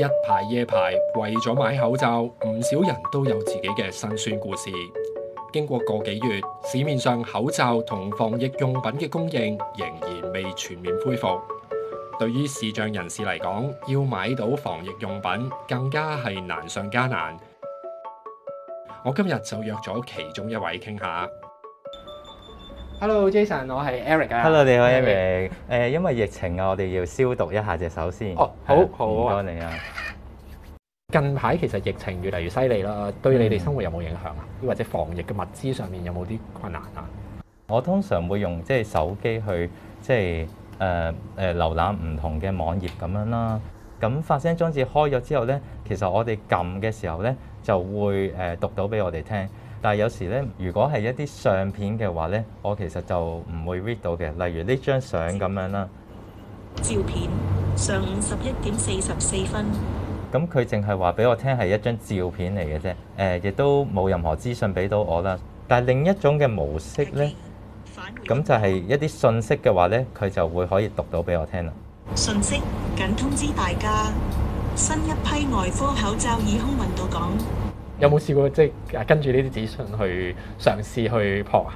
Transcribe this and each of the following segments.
一排夜排，為咗買口罩，唔少人都有自己嘅辛酸故事。經過個幾月，市面上口罩同防疫用品嘅供應仍然未全面恢復。對於視障人士嚟講，要買到防疫用品更加係難上加難。我今日就約咗其中一位傾下。Hello Jason，我係 Eric 啊。Hello，Eric. 你好 Eric。誒、hey.，因為疫情啊，我哋要消毒一下隻手先。哦、oh, uh,，好好啊。歡迎你啊。近排其實疫情越嚟越犀利啦，對你哋生活有冇影響啊、嗯？或者防疫嘅物資上面有冇啲困難啊？我通常會用即係、就是、手機去即係誒誒瀏覽唔同嘅網頁咁樣啦。咁發聲裝置開咗之後咧，其實我哋撳嘅時候咧就會誒讀到俾我哋聽。但係有時咧，如果係一啲相片嘅話咧，我其實就唔會 read 到嘅。例如呢張相咁樣啦，照片上午十一點四十四分。咁佢淨係話俾我聽係一張照片嚟嘅啫。誒、呃，亦都冇任何資訊俾到我啦。但係另一種嘅模式咧，咁就係一啲信息嘅話咧，佢就會可以讀到俾我聽啦。信息緊通知大家，新一批外科口罩已空運到港。有冇試過即係跟住呢啲資訊去嘗試去撲啊？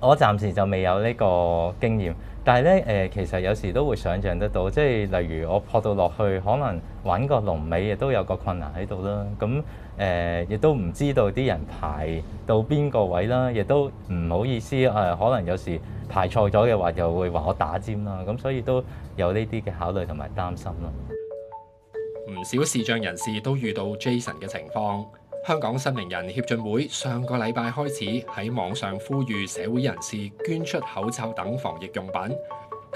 我暫時就未有呢個經驗，但係咧誒，其實有時都會想像得到，即係例如我撲到落去，可能揾個龍尾亦都有個困難喺度啦。咁誒，亦、呃、都唔知道啲人排到邊個位啦，亦都唔好意思誒、呃。可能有時排錯咗嘅話，又會話我打尖啦。咁所以都有呢啲嘅考慮同埋擔心啦。唔少視障人士都遇到 Jason 嘅情況。香港失明人協進會上個禮拜開始喺網上呼籲社會人士捐出口罩等防疫用品。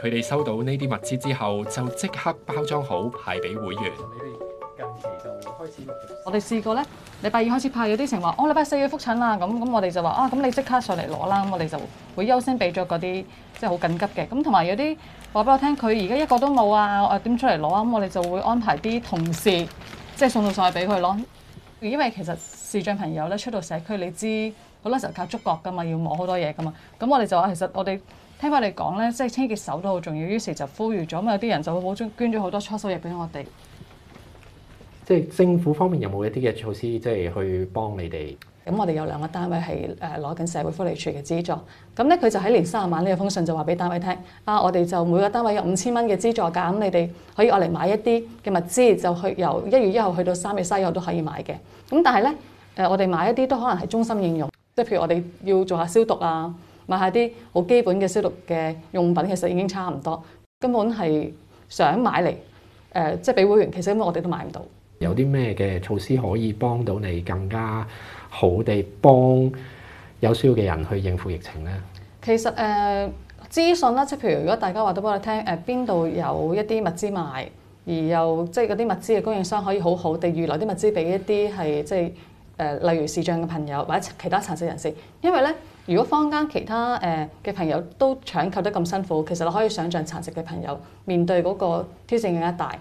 佢哋收到呢啲物資之後，就即刻包裝好派俾會員。我哋試過咧，禮拜二開始派，有啲人話，哦，禮拜四要覆診啦。咁、嗯、咁、嗯，我哋就話，啊，咁、嗯、你即刻上嚟攞啦。咁、嗯、我哋就會優先俾咗嗰啲即係好緊急嘅。咁同埋有啲話俾我聽，佢而家一個都冇啊。誒，點出嚟攞啊？咁、嗯、我哋就會安排啲同事即係送到上去俾佢攞。因為其實視障朋友咧出到社區，你知好多時候靠觸覺㗎嘛，要摸好多嘢㗎嘛。咁我哋就話，其實我哋聽翻你講咧，即係清潔手都好重要。於是就呼籲咗咁，有啲人就會好中捐咗好多搓手液俾我哋。即係政府方面有冇一啲嘅措施，即係去幫你哋？咁我哋有兩個單位係誒攞緊社會福利處嘅資助，咁咧佢就喺年卅晚呢個封信就話俾單位聽，啊我哋就每個單位有五千蚊嘅資助咁你哋可以攞嚟買一啲嘅物資，就去由一月一號去到三月卅一號都可以買嘅。咁但係咧誒，我哋買一啲都可能係中心應用，即係譬如我哋要做下消毒啊，買下啲好基本嘅消毒嘅用品，其實已經差唔多，根本係想買嚟誒、呃，即係俾會員，其實因為我哋都買唔到。有啲咩嘅措施可以幫到你更加好地幫有需要嘅人去應付疫情呢？其實誒，資訊啦，即譬如如果大家話都幫我聽，誒邊度有一啲物資賣，而又即係嗰啲物資嘅供應商可以好好地預留啲物資俾一啲係即係、呃、例如視障嘅朋友或者其他殘疾人士。因為呢，如果坊間其他誒嘅、呃、朋友都搶購得咁辛苦，其實你可以想象殘疾嘅朋友面對嗰個挑戰更加大。